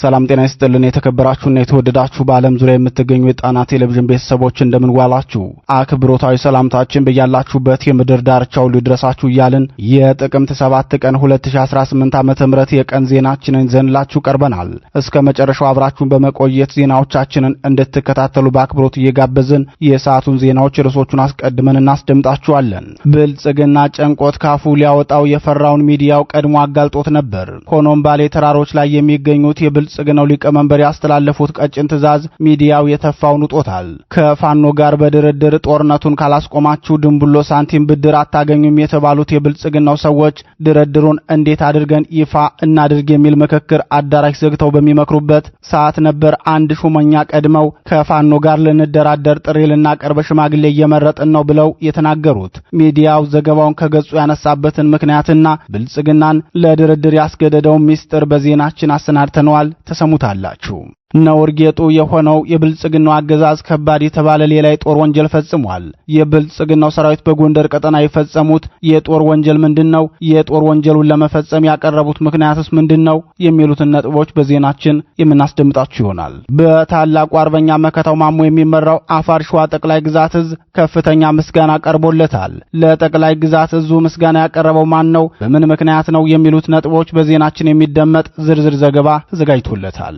ሰላም ጤና ይስጥልን። የተከበራችሁና የተወደዳችሁ በዓለም ዙሪያ የምትገኙ የጣና ቴሌቪዥን ቤተሰቦች እንደምንዋላችሁ አክብሮታዊ ሰላምታችን በያላችሁበት የምድር ዳርቻው ሊድረሳችሁ እያልን የጥቅምት 7 ቀን 2018 ዓ.ም የቀን ዜናችንን ይዘንላችሁ ቀርበናል። እስከ መጨረሻው አብራችሁን በመቆየት ዜናዎቻችንን እንድትከታተሉ በአክብሮት እየጋበዝን የሰዓቱን ዜናዎች ርዕሶቹን አስቀድመን እናስደምጣችኋለን። ብልጽግና ጨንቆት ካፉ ሊያወጣው የፈራውን ሚዲያው ቀድሞ አጋልጦት ነበር። ሆኖም ባሌ ተራሮች ላይ የሚገኙት የብል የብልጽግናው ሊቀመንበር ያስተላለፉት ቀጭን ትዕዛዝ ሚዲያው የተፋውን ውጦታል። ከፋኖ ጋር በድርድር ጦርነቱን ካላስቆማችሁ ድንቡሎ ሳንቲም ብድር አታገኙም የተባሉት የብልጽግናው ሰዎች ድርድሩን እንዴት አድርገን ይፋ እናድርግ የሚል ምክክር አዳራሽ ዘግተው በሚመክሩበት ሰዓት ነበር አንድ ሹመኛ ቀድመው ከፋኖ ጋር ልንደራደር ጥሪ ልናቀርብ ሽማግሌ እየመረጥን ነው ብለው የተናገሩት። ሚዲያው ዘገባውን ከገጹ ያነሳበትን ምክንያትና ብልጽግናን ለድርድር ያስገደደውን ሚስጥር በዜናችን አሰናድተነዋል። ተሰሙታላችሁ። ነውር ጌጡ የሆነው የብልጽግናው አገዛዝ ከባድ የተባለ ሌላ የጦር ወንጀል ፈጽሟል። የብልጽግናው ሰራዊት በጎንደር ቀጠና የፈጸሙት የጦር ወንጀል ምንድን ነው? የጦር ወንጀሉን ለመፈጸም ያቀረቡት ምክንያትስ ምንድን ነው? የሚሉትን ነጥቦች በዜናችን የምናስደምጣችሁ ይሆናል። በታላቁ አርበኛ መከታው ማሞ የሚመራው አፋር ሸዋ ጠቅላይ ግዛት እዝ ከፍተኛ ምስጋና ቀርቦለታል። ለጠቅላይ ግዛት እዙ ምስጋና ያቀረበው ማን ነው? በምን ምክንያት ነው? የሚሉት ነጥቦች በዜናችን የሚደመጥ ዝርዝር ዘገባ ተዘጋጅቶለታል።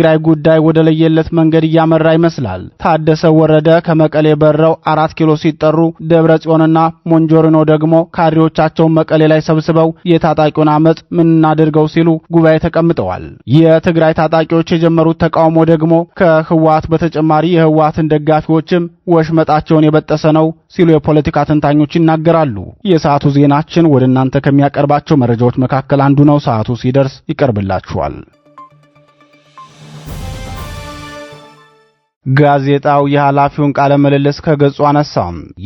የትግራይ ጉዳይ ወደ ለየለት መንገድ እያመራ ይመስላል። ታደሰ ወረደ ከመቀሌ በረው አራት ኪሎ ሲጠሩ ደብረ ጽዮንና ሞንጆሪኖ ደግሞ ካድሬዎቻቸውን መቀሌ ላይ ሰብስበው የታጣቂውን አመፅ ምን እናድርገው ሲሉ ጉባኤ ተቀምጠዋል። የትግራይ ታጣቂዎች የጀመሩት ተቃውሞ ደግሞ ከህወሓት በተጨማሪ የህወሓትን ደጋፊዎችም ወሽመጣቸውን የበጠሰ ነው ሲሉ የፖለቲካ ተንታኞች ይናገራሉ። የሰዓቱ ዜናችን ወደ እናንተ ከሚያቀርባቸው መረጃዎች መካከል አንዱ ነው። ሰዓቱ ሲደርስ ይቀርብላችኋል። ጋዜጣው የኃላፊውን ቃለ ምልልስ ከገጹ አነሳ።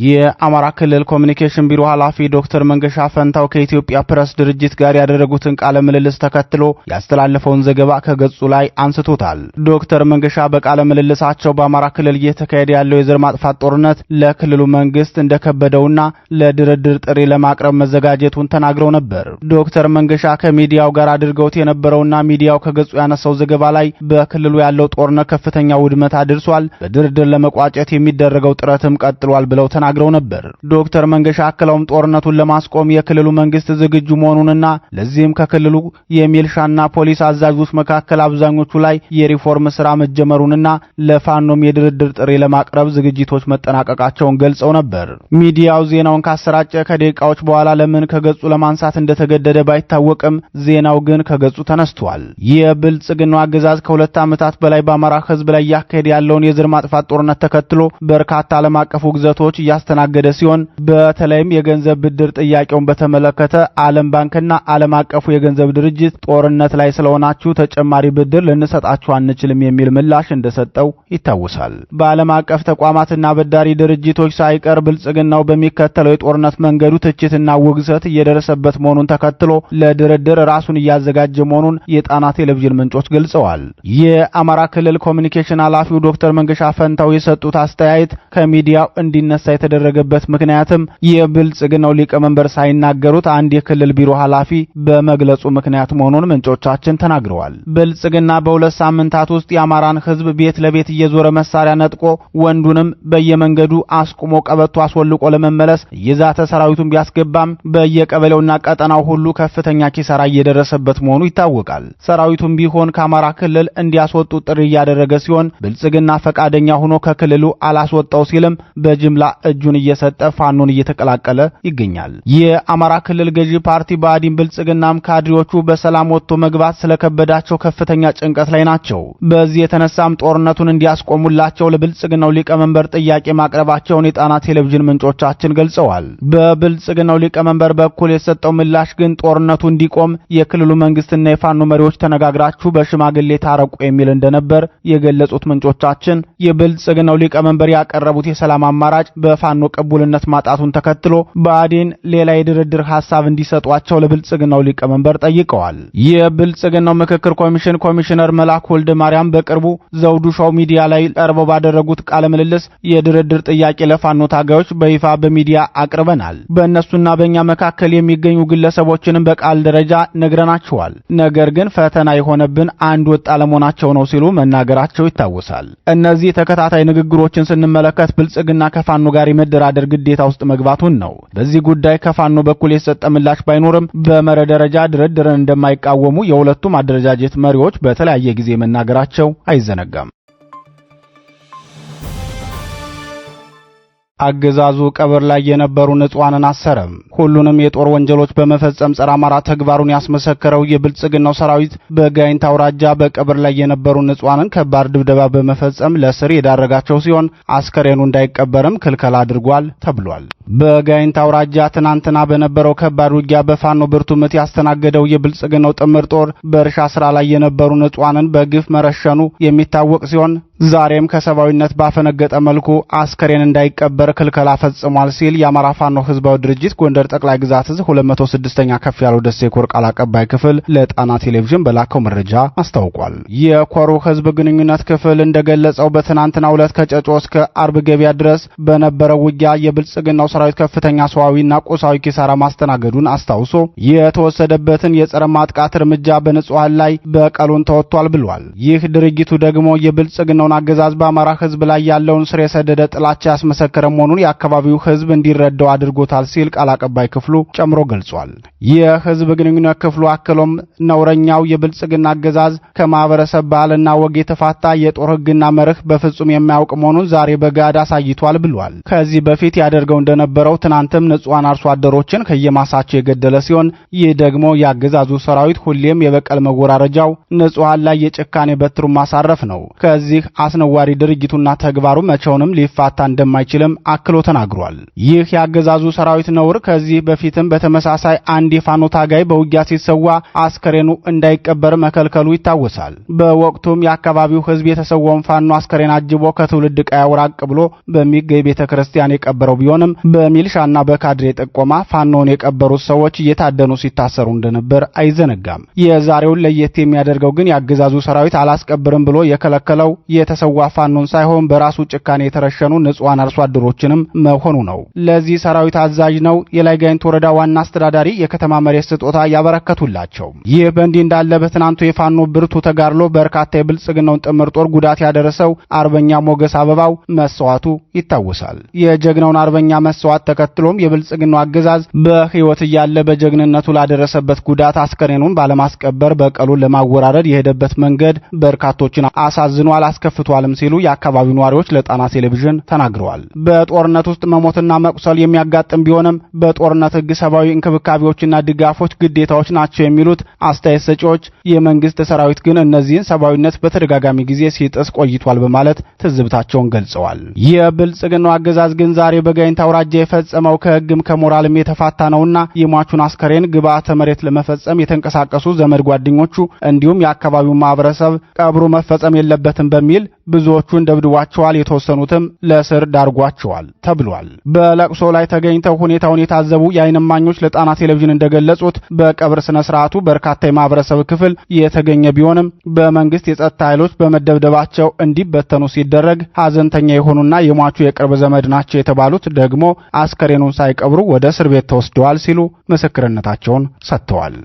የአማራ ክልል ኮሚኒኬሽን ቢሮ ኃላፊ ዶክተር መንገሻ ፈንታው ከኢትዮጵያ ፕሬስ ድርጅት ጋር ያደረጉትን ቃለ ምልልስ ተከትሎ ያስተላለፈውን ዘገባ ከገጹ ላይ አንስቶታል። ዶክተር መንገሻ በቃለ ምልልሳቸው በአማራ ክልል እየተካሄደ ያለው የዘር ማጥፋት ጦርነት ለክልሉ መንግስት እንደከበደውና ለድርድር ጥሪ ለማቅረብ መዘጋጀቱን ተናግረው ነበር። ዶክተር መንገሻ ከሚዲያው ጋር አድርገውት የነበረውና ሚዲያው ከገጹ ያነሳው ዘገባ ላይ በክልሉ ያለው ጦርነት ከፍተኛ ውድመት አድርሷል ተገልጿል። በድርድር ለመቋጨት የሚደረገው ጥረትም ቀጥሏል ብለው ተናግረው ነበር። ዶክተር መንገሻ አክለውም ጦርነቱን ለማስቆም የክልሉ መንግስት ዝግጁ መሆኑንና ለዚህም ከክልሉ የሚልሻና ፖሊስ አዛዦች መካከል አብዛኞቹ ላይ የሪፎርም ስራ መጀመሩንና ለፋኖም የድርድር ጥሪ ለማቅረብ ዝግጅቶች መጠናቀቃቸውን ገልጸው ነበር። ሚዲያው ዜናውን ካሰራጨ ከደቂቃዎች በኋላ ለምን ከገጹ ለማንሳት እንደተገደደ ባይታወቅም ዜናው ግን ከገጹ ተነስቷል። የብልጽግናው አገዛዝ ከሁለት ዓመታት በላይ በአማራ ህዝብ ላይ እያካሄደ ያለው ያለውን የዘር ማጥፋት ጦርነት ተከትሎ በርካታ ዓለም አቀፍ ውግዘቶች እያስተናገደ ሲሆን በተለይም የገንዘብ ብድር ጥያቄውን በተመለከተ ዓለም ባንክና ዓለም አቀፉ የገንዘብ ድርጅት ጦርነት ላይ ስለሆናችሁ ተጨማሪ ብድር ልንሰጣችሁ አንችልም የሚል ምላሽ እንደሰጠው ይታወሳል። በዓለም አቀፍ ተቋማትና በዳሪ ድርጅቶች ሳይቀር ብልጽግናው በሚከተለው የጦርነት መንገዱ ትችትና ውግዘት እየደረሰበት መሆኑን ተከትሎ ለድርድር ራሱን እያዘጋጀ መሆኑን የጣና ቴሌቪዥን ምንጮች ገልጸዋል። የአማራ ክልል ኮሚኒኬሽን ኃላፊው ዶክተር ዶክተር መንገሻ ፈንታው የሰጡት አስተያየት ከሚዲያው እንዲነሳ የተደረገበት ምክንያትም የብልጽግናው ሊቀመንበር ሳይናገሩት አንድ የክልል ቢሮ ኃላፊ በመግለጹ ምክንያት መሆኑን ምንጮቻችን ተናግረዋል። ብልጽግና በሁለት ሳምንታት ውስጥ የአማራን ሕዝብ ቤት ለቤት እየዞረ መሳሪያ ነጥቆ ወንዱንም በየመንገዱ አስቁሞ ቀበቶ አስወልቆ ለመመለስ እየዛተ ሰራዊቱን ቢያስገባም በየቀበሌውና ቀጠናው ሁሉ ከፍተኛ ኪሳራ እየደረሰበት መሆኑ ይታወቃል። ሰራዊቱም ቢሆን ከአማራ ክልል እንዲያስወጡ ጥሪ እያደረገ ሲሆን ብልጽግና ፈቃደኛ ሆኖ ከክልሉ አላስወጣው ሲልም በጅምላ እጁን እየሰጠ ፋኖን እየተቀላቀለ ይገኛል። የአማራ ክልል ገዢ ፓርቲ ብአዴን ብልጽግናም ካድሬዎቹ በሰላም ወጥቶ መግባት ስለከበዳቸው ከፍተኛ ጭንቀት ላይ ናቸው። በዚህ የተነሳም ጦርነቱን እንዲያስቆሙላቸው ለብልጽግናው ሊቀመንበር ጥያቄ ማቅረባቸውን የጣና ቴሌቪዥን ምንጮቻችን ገልጸዋል። በብልጽግናው ሊቀመንበር በኩል የተሰጠው ምላሽ ግን ጦርነቱ እንዲቆም የክልሉ መንግስትና የፋኖ መሪዎች ተነጋግራችሁ በሽማግሌ ታረቁ የሚል እንደነበር የገለጹት ምንጮቻችን ፓርቲያችን የብልጽግናው ሊቀመንበር ያቀረቡት የሰላም አማራጭ በፋኖ ቅቡልነት ማጣቱን ተከትሎ ብአዴን ሌላ የድርድር ሀሳብ እንዲሰጧቸው ለብልጽግናው ሊቀመንበር ጠይቀዋል። የብልጽግናው ምክክር ኮሚሽን ኮሚሽነር መላክ ወልደ ማርያም በቅርቡ ዘውዱ ሾው ሚዲያ ላይ ቀርበው ባደረጉት ቃለ ምልልስ የድርድር ጥያቄ ለፋኖ ታጋዮች በይፋ በሚዲያ አቅርበናል፣ በእነሱና በእኛ መካከል የሚገኙ ግለሰቦችንም በቃል ደረጃ ነግረናቸዋል፣ ነገር ግን ፈተና የሆነብን አንድ ወጥ አለመሆናቸው ነው ሲሉ መናገራቸው ይታወሳል። እነዚህ ተከታታይ ንግግሮችን ስንመለከት ብልጽግና ከፋኖ ጋር የመደራደር ግዴታ ውስጥ መግባቱን ነው። በዚህ ጉዳይ ከፋኖ በኩል የተሰጠ ምላሽ ባይኖርም በመርህ ደረጃ ድርድርን እንደማይቃወሙ የሁለቱም አደረጃጀት መሪዎች በተለያየ ጊዜ መናገራቸው አይዘነጋም። አገዛዙ ቀብር ላይ የነበሩ ንጹሐንን አሰረ። ሁሉንም የጦር ወንጀሎች በመፈጸም ጸረ አማራ ተግባሩን ያስመሰከረው የብልጽግናው ሰራዊት በጋይንት አውራጃ በቀብር ላይ የነበሩ ንጹሐንን ከባድ ድብደባ በመፈጸም ለስር የዳረጋቸው ሲሆን አስከሬኑ እንዳይቀበርም ክልከላ አድርጓል ተብሏል። በጋይንት አውራጃ ትናንትና በነበረው ከባድ ውጊያ በፋኖ ብርቱ ምት ያስተናገደው የብልጽግናው ጥምር ጦር በእርሻ ስራ ላይ የነበሩ ንጹሐንን በግፍ መረሸኑ የሚታወቅ ሲሆን ዛሬም ከሰብአዊነት ባፈነገጠ መልኩ አስከሬን እንዳይቀበር ክልከላ ፈጽሟል ሲል የአማራ ፋኖ ህዝባዊ ድርጅት ጎንደር ጠቅላይ ግዛት እዝ 206ኛ ከፍ ያለው ደሴ ኮር ቃል አቀባይ ክፍል ለጣና ቴሌቪዥን በላከው መረጃ አስታውቋል። የኮሩ ህዝብ ግንኙነት ክፍል እንደገለጸው በትናንትናው ዕለት ከጨጮ እስከ አርብ ገበያ ድረስ በነበረው ውጊያ የብልጽግናው ሰራዊት ከፍተኛ ሰዋዊና ቁሳዊ ኪሳራ ማስተናገዱን አስታውሶ የተወሰደበትን የጸረ ማጥቃት እርምጃ በንጹሐን ላይ በቀሉን ተወጥቷል ብሏል። ይህ ድርጊቱ ደግሞ የብልጽግናውን አገዛዝ በአማራ ህዝብ ላይ ያለውን ስር የሰደደ ጥላቻ ያስመሰከረ መሆኑን የአካባቢው ህዝብ እንዲረዳው አድርጎታል ሲል ቃል አቀባይ ክፍሉ ጨምሮ ገልጿል። የህዝብ ግንኙነት ክፍሉ አክሎም ነውረኛው የብልጽግና አገዛዝ ከማህበረሰብ ባህልና ወግ የተፋታ የጦር ህግና መርህ በፍጹም የማያውቅ መሆኑን ዛሬ በጋድ አሳይቷል ብሏል። ከዚህ በፊት ያደርገው እንደነበረው ትናንትም ንጹሐን አርሶ አደሮችን ከየማሳቸው የገደለ ሲሆን ይህ ደግሞ የአገዛዙ ሰራዊት ሁሌም የበቀል መወራረጃው ንጹሐን ላይ የጭካኔ በትሩ ማሳረፍ ነው። ከዚህ አስነዋሪ ድርጊቱና ተግባሩ መቼውንም ሊፋታ እንደማይችልም አክሎ ተናግሯል። ይህ የአገዛዙ ሰራዊት ነውር ከዚህ በፊትም በተመሳሳይ አንድ የፋኖ ታጋይ በውጊያ ሲሰዋ አስከሬኑ እንዳይቀበር መከልከሉ ይታወሳል። በወቅቱም የአካባቢው ሕዝብ የተሰዋውን ፋኖ አስከሬን አጅቦ ከትውልድ ቀያው ራቅ ብሎ በሚገኝ ቤተ ክርስቲያን የቀበረው ቢሆንም በሚልሻና በካድሬ ጥቆማ ፋኖውን የቀበሩት ሰዎች እየታደኑ ሲታሰሩ እንደነበር አይዘነጋም። የዛሬውን ለየት የሚያደርገው ግን የአገዛዙ ሰራዊት አላስቀብርም ብሎ የከለከለው የተሰዋ ፋኖን ሳይሆን በራሱ ጭካኔ የተረሸኑ ንጹሐን አርሶ አደሮች ኃይሎችንም መሆኑ ነው። ለዚህ ሰራዊት አዛዥ ነው የላይ ጋይንት ወረዳ ዋና አስተዳዳሪ የከተማ መሬት ስጦታ ያበረከቱላቸው። ይህ በእንዲህ እንዳለ በትናንቱ የፋኖ ብርቱ ተጋድሎ በርካታ የብልጽግናውን ጥምር ጦር ጉዳት ያደረሰው አርበኛ ሞገስ አበባው መስዋዕቱ ይታወሳል። የጀግናውን አርበኛ መስዋዕት ተከትሎም የብልጽግናው አገዛዝ በህይወት እያለ በጀግንነቱ ላደረሰበት ጉዳት አስከሬኑን ባለማስቀበር በቀሉን ለማወራረድ የሄደበት መንገድ በርካቶችን አሳዝኗል፣ አስከፍቷልም ሲሉ የአካባቢው ነዋሪዎች ለጣና ቴሌቪዥን ተናግረዋል። በጦርነት ውስጥ መሞትና መቁሰል የሚያጋጥም ቢሆንም በጦርነት ህግ ሰብአዊ እንክብካቤዎችና ድጋፎች ግዴታዎች ናቸው የሚሉት አስተያየት ሰጪዎች የመንግስት ሰራዊት ግን እነዚህን ሰብአዊነት በተደጋጋሚ ጊዜ ሲጥስ ቆይቷል በማለት ትዝብታቸውን ገልጸዋል። የብልጽግናው አገዛዝ ግን ዛሬ በጋይንት አውራጃ የፈጸመው ከህግም ከሞራልም የተፋታ ነውና የሟቹን አስከሬን ግብዓተ መሬት ለመፈጸም የተንቀሳቀሱ ዘመድ ጓደኞቹ እንዲሁም የአካባቢው ማህበረሰብ ቀብሩ መፈጸም የለበትም በሚል ብዙዎቹን ደብድቧቸዋል፣ የተወሰኑትም ለእስር ዳርጓቸዋል ተብሏል። በለቅሶ ላይ ተገኝተው ሁኔታውን የታዘቡ የዓይን እማኞች ለጣና ቴሌቪዥን እንደገለጹት በቀብር ስነ ስርዓቱ በርካታ የማህበረሰብ ክፍል የተገኘ ቢሆንም በመንግስት የጸጥታ ኃይሎች በመደብደባቸው እንዲበተኑ ሲደረግ ሀዘንተኛ የሆኑና የሟቹ የቅርብ ዘመድ ናቸው የተባሉት ደግሞ አስከሬኑን ሳይቀብሩ ወደ እስር ቤት ተወስደዋል ሲሉ ምስክርነታቸውን ሰጥተዋል።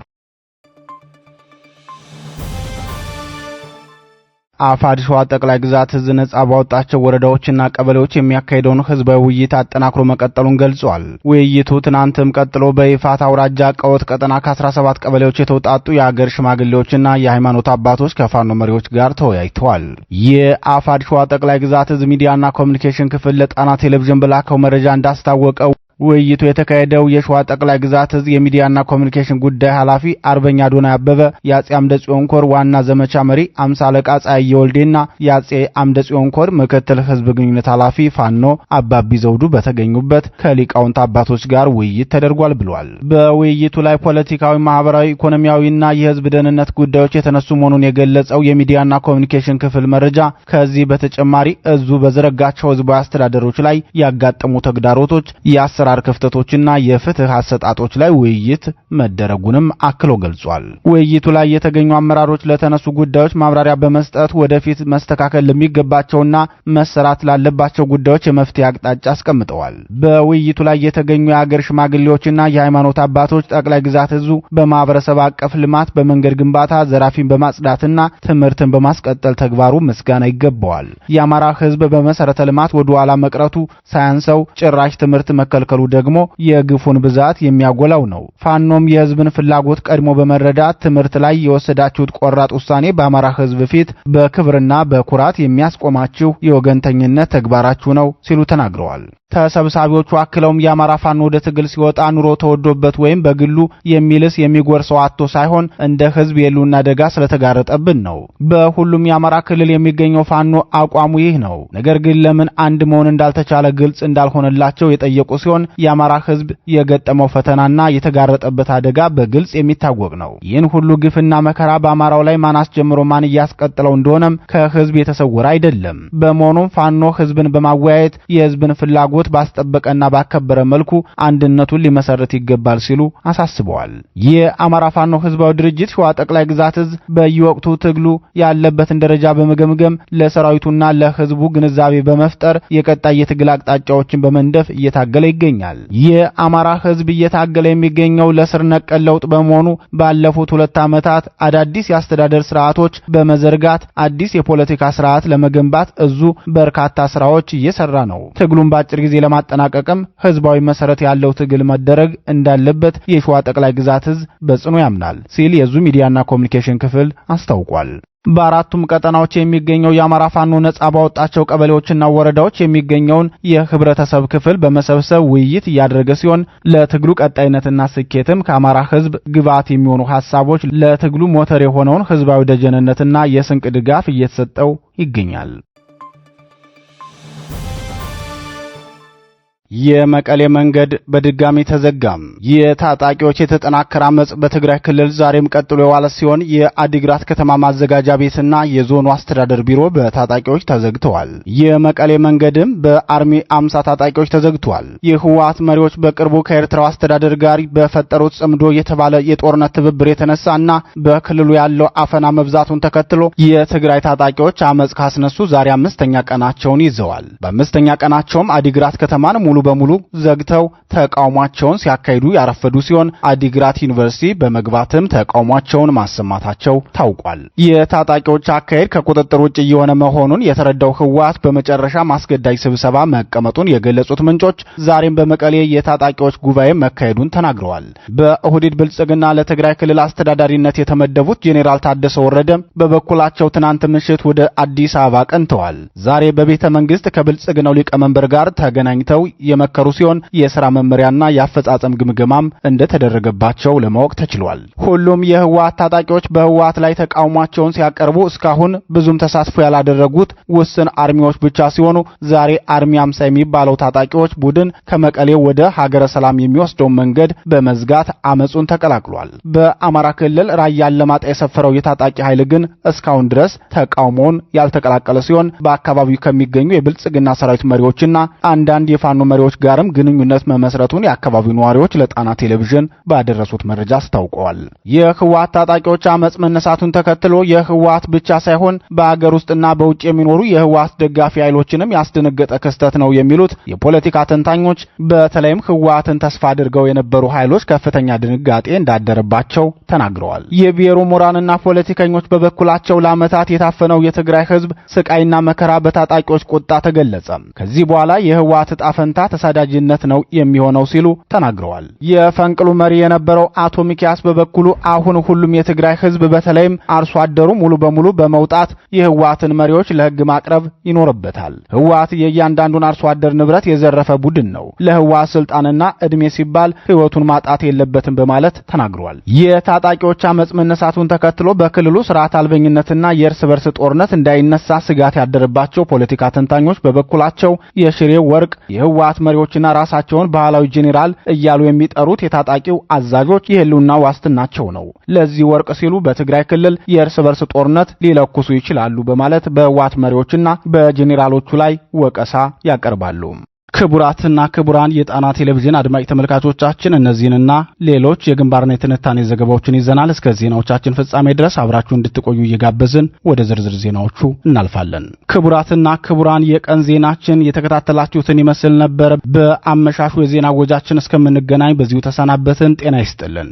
አፋድ ሸዋ ጠቅላይ ግዛት እዝ ነጻ ባወጣቸው ወረዳዎችና ቀበሌዎች የሚያካሄደውን ህዝባዊ ውይይት አጠናክሮ መቀጠሉን ገልጿል። ውይይቱ ትናንትም ቀጥሎ በይፋት አውራጃ ቀወት ቀጠና ከ17 ቀበሌዎች የተውጣጡ የአገር ሽማግሌዎችና የሃይማኖት አባቶች ከፋኖ መሪዎች ጋር ተወያይተዋል። የአፋድ ሸዋ ጠቅላይ ግዛት እዝ ሚዲያና ኮሚኒኬሽን ክፍል ለጣና ቴሌቪዥን በላከው መረጃ እንዳስታወቀው ውይይቱ የተካሄደው የሸዋ ጠቅላይ ግዛት እዝ የሚዲያና ኮሚኒኬሽን ጉዳይ ኃላፊ አርበኛ ዶና አበበ፣ የአጼ አምደ ጽዮን ኮር ዋና ዘመቻ መሪ አምሳ አለቃ ጸሐዬ ወልዴና የአጼ አምደ ጽዮን ኮር ምክትል ህዝብ ግንኙነት ኃላፊ ፋኖ አባቢ ዘውዱ በተገኙበት ከሊቃውንት አባቶች ጋር ውይይት ተደርጓል ብሏል። በውይይቱ ላይ ፖለቲካዊ፣ ማህበራዊ፣ ኢኮኖሚያዊና የህዝብ ደህንነት ጉዳዮች የተነሱ መሆኑን የገለጸው የሚዲያና ኮሚኒኬሽን ክፍል መረጃ ከዚህ በተጨማሪ እዙ በዘረጋቸው ህዝባዊ አስተዳደሮች ላይ ያጋጠሙ ተግዳሮቶች የአስራ የአሰራር ክፍተቶችና የፍትህ አሰጣጦች ላይ ውይይት መደረጉንም አክሎ ገልጿል። ውይይቱ ላይ የተገኙ አመራሮች ለተነሱ ጉዳዮች ማብራሪያ በመስጠት ወደፊት መስተካከል ለሚገባቸውና መሰራት ላለባቸው ጉዳዮች የመፍትሄ አቅጣጫ አስቀምጠዋል። በውይይቱ ላይ የተገኙ የአገር ሽማግሌዎችና የሃይማኖት አባቶች ጠቅላይ ግዛት እዙ በማህበረሰብ አቀፍ ልማት፣ በመንገድ ግንባታ፣ ዘራፊን በማጽዳትና ትምህርትን በማስቀጠል ተግባሩ ምስጋና ይገባዋል። የአማራ ህዝብ በመሰረተ ልማት ወደ ኋላ መቅረቱ ሳያንሰው ጭራሽ ትምህርት መከልከል መቀላቀሉ ደግሞ የግፉን ብዛት የሚያጎላው ነው። ፋኖም የህዝብን ፍላጎት ቀድሞ በመረዳት ትምህርት ላይ የወሰዳችሁት ቆራጥ ውሳኔ በአማራ ህዝብ ፊት በክብርና በኩራት የሚያስቆማችሁ የወገንተኝነት ተግባራችሁ ነው ሲሉ ተናግረዋል። ተሰብሳቢዎቹ አክለውም የአማራ ፋኖ ወደ ትግል ሲወጣ ኑሮ ተወዶበት ወይም በግሉ የሚልስ የሚጎርሰው አቶ ሳይሆን እንደ ህዝብ የሉና አደጋ ስለተጋረጠብን ነው። በሁሉም የአማራ ክልል የሚገኘው ፋኖ አቋሙ ይህ ነው። ነገር ግን ለምን አንድ መሆን እንዳልተቻለ ግልጽ እንዳልሆነላቸው የጠየቁ ሲሆን ሲሆን የአማራ ህዝብ የገጠመው ፈተናና የተጋረጠበት አደጋ በግልጽ የሚታወቅ ነው። ይህን ሁሉ ግፍና መከራ በአማራው ላይ ማን አስጀምሮ ማን እያስቀጥለው እንደሆነም ከህዝብ የተሰወረ አይደለም። በመሆኑም ፋኖ ህዝብን በማወያየት የህዝብን ፍላጎት ባስጠበቀና ባከበረ መልኩ አንድነቱን ሊመሰረት ይገባል ሲሉ አሳስበዋል። የአማራ ፋኖ ህዝባዊ ድርጅት ሸዋ ጠቅላይ ግዛት እዝ በየወቅቱ ትግሉ ያለበትን ደረጃ በመገምገም ለሰራዊቱና ለህዝቡ ግንዛቤ በመፍጠር የቀጣይ የትግል አቅጣጫዎችን በመንደፍ እየታገለ ይገኛል። ይገኛል። የአማራ ህዝብ እየታገለ የሚገኘው ለስር ነቀል ለውጥ በመሆኑ ባለፉት ሁለት ዓመታት አዳዲስ የአስተዳደር ስርዓቶች በመዘርጋት አዲስ የፖለቲካ ስርዓት ለመገንባት እዙ በርካታ ስራዎች እየሰራ ነው። ትግሉን በአጭር ጊዜ ለማጠናቀቅም ህዝባዊ መሰረት ያለው ትግል መደረግ እንዳለበት የሸዋ ጠቅላይ ግዛት ህዝብ በጽኑ ያምናል ሲል የዙ ሚዲያና ኮሚኒኬሽን ክፍል አስታውቋል። በአራቱም ቀጠናዎች የሚገኘው የአማራ ፋኖ ነጻ ባወጣቸው ቀበሌዎችና ወረዳዎች የሚገኘውን የህብረተሰብ ክፍል በመሰብሰብ ውይይት እያደረገ ሲሆን ለትግሉ ቀጣይነትና ስኬትም ከአማራ ህዝብ ግብዓት የሚሆኑ ሀሳቦች ለትግሉ ሞተር የሆነውን ህዝባዊ ደጀንነትና የስንቅ ድጋፍ እየተሰጠው ይገኛል። የመቀሌ መንገድ በድጋሚ ተዘጋም። የታጣቂዎች የተጠናከረ አመጽ በትግራይ ክልል ዛሬም ቀጥሎ የዋለ ሲሆን የአዲግራት ከተማ ማዘጋጃ ቤትና የዞኑ አስተዳደር ቢሮ በታጣቂዎች ተዘግተዋል። የመቀሌ መንገድም በአርሚ አምሳ ታጣቂዎች ተዘግቷል። የህወሓት መሪዎች በቅርቡ ከኤርትራው አስተዳደር ጋር በፈጠሩት ጽምዶ የተባለ የጦርነት ትብብር የተነሳ እና በክልሉ ያለው አፈና መብዛቱን ተከትሎ የትግራይ ታጣቂዎች አመፅ ካስነሱ ዛሬ አምስተኛ ቀናቸውን ይዘዋል። በአምስተኛ ቀናቸውም አዲግራት ከተማን ሙሉ በሙሉ ዘግተው ተቃውሟቸውን ሲያካሂዱ ያረፈዱ ሲሆን አዲግራት ዩኒቨርሲቲ በመግባትም ተቃውሟቸውን ማሰማታቸው ታውቋል። የታጣቂዎች አካሄድ ከቁጥጥር ውጭ እየሆነ መሆኑን የተረዳው ህወሓት በመጨረሻ ማስገዳጅ ስብሰባ መቀመጡን የገለጹት ምንጮች ዛሬም በመቀሌ የታጣቂዎች ጉባኤ መካሄዱን ተናግረዋል። በኦህዴድ ብልጽግና ለትግራይ ክልል አስተዳዳሪነት የተመደቡት ጄኔራል ታደሰ ወረደ በበኩላቸው ትናንት ምሽት ወደ አዲስ አበባ ቀንተዋል። ዛሬ በቤተ መንግስት ከብልጽግናው ሊቀመንበር ጋር ተገናኝተው የመከሩ ሲሆን የሥራ መመሪያና የአፈጻጸም ግምገማም እንደተደረገባቸው ለማወቅ ተችሏል። ሁሉም የህወሓት ታጣቂዎች በህወሓት ላይ ተቃውሟቸውን ሲያቀርቡ እስካሁን ብዙም ተሳትፎ ያላደረጉት ውስን አርሚዎች ብቻ ሲሆኑ ዛሬ አርሚ አምሳ የሚባለው ታጣቂዎች ቡድን ከመቀሌው ወደ ሀገረ ሰላም የሚወስደውን መንገድ በመዝጋት አመፁን ተቀላቅሏል። በአማራ ክልል ራያ አላማጣ የሰፈረው የታጣቂ ኃይል ግን እስካሁን ድረስ ተቃውሞውን ያልተቀላቀለ ሲሆን በአካባቢው ከሚገኙ የብልጽግና ሰራዊት መሪዎችና አንዳንድ የፋኖ መሪዎች ጋርም ግንኙነት መመስረቱን የአካባቢው ነዋሪዎች ለጣና ቴሌቪዥን ባደረሱት መረጃ አስታውቀዋል። የህወሓት ታጣቂዎች አመፅ መነሳቱን ተከትሎ የህወሓት ብቻ ሳይሆን በአገር ውስጥና በውጭ የሚኖሩ የህወሓት ደጋፊ ኃይሎችንም ያስደነገጠ ክስተት ነው የሚሉት የፖለቲካ ተንታኞች በተለይም ህወሓትን ተስፋ አድርገው የነበሩ ኃይሎች ከፍተኛ ድንጋጤ እንዳደረባቸው ተናግረዋል። የብሔሩ ምሁራንና ፖለቲከኞች በበኩላቸው ለዓመታት የታፈነው የትግራይ ህዝብ ስቃይና መከራ በታጣቂዎች ቁጣ ተገለጸ። ከዚህ በኋላ የህወሓት ዕጣ ፈንታ ተሳዳጅነት ነው የሚሆነው ሲሉ ተናግረዋል። የፈንቅሉ መሪ የነበረው አቶ ሚኪያስ በበኩሉ አሁን ሁሉም የትግራይ ህዝብ በተለይም አርሶ አደሩ ሙሉ በሙሉ በመውጣት የህወሓትን መሪዎች ለህግ ማቅረብ ይኖርበታል። ህወሓት የእያንዳንዱን አርሶ አደር ንብረት የዘረፈ ቡድን ነው። ለህወሓት ስልጣንና እድሜ ሲባል ህይወቱን ማጣት የለበትም በማለት ተናግሯል። የታጣቂዎች አመፅ መነሳቱን ተከትሎ በክልሉ ስርዓት አልበኝነትና የእርስ በርስ ጦርነት እንዳይነሳ ስጋት ያደረባቸው ፖለቲካ ተንታኞች በበኩላቸው የሽሬ ወርቅ የህወሓት የስርዓት መሪዎችና ራሳቸውን ባህላዊ ጄኔራል እያሉ የሚጠሩት የታጣቂው አዛዦች የህልውና ዋስትናቸው ነው። ለዚህ ወርቅ ሲሉ በትግራይ ክልል የእርስ በርስ ጦርነት ሊለኩሱ ይችላሉ በማለት በህወሓት መሪዎችና በጄኔራሎቹ ላይ ወቀሳ ያቀርባሉ። ክቡራትና ክቡራን የጣና ቴሌቪዥን አድማጭ ተመልካቾቻችን እነዚህንና ሌሎች የግንባርና የትንታኔ ዘገባዎችን ይዘናል። እስከ ዜናዎቻችን ፍጻሜ ድረስ አብራችሁ እንድትቆዩ እየጋበዝን ወደ ዝርዝር ዜናዎቹ እናልፋለን። ክቡራትና ክቡራን የቀን ዜናችን የተከታተላችሁትን ይመስል ነበር። በአመሻሹ የዜና ጎጃችን እስከምንገናኝ በዚሁ ተሰናበትን። ጤና ይስጥልን።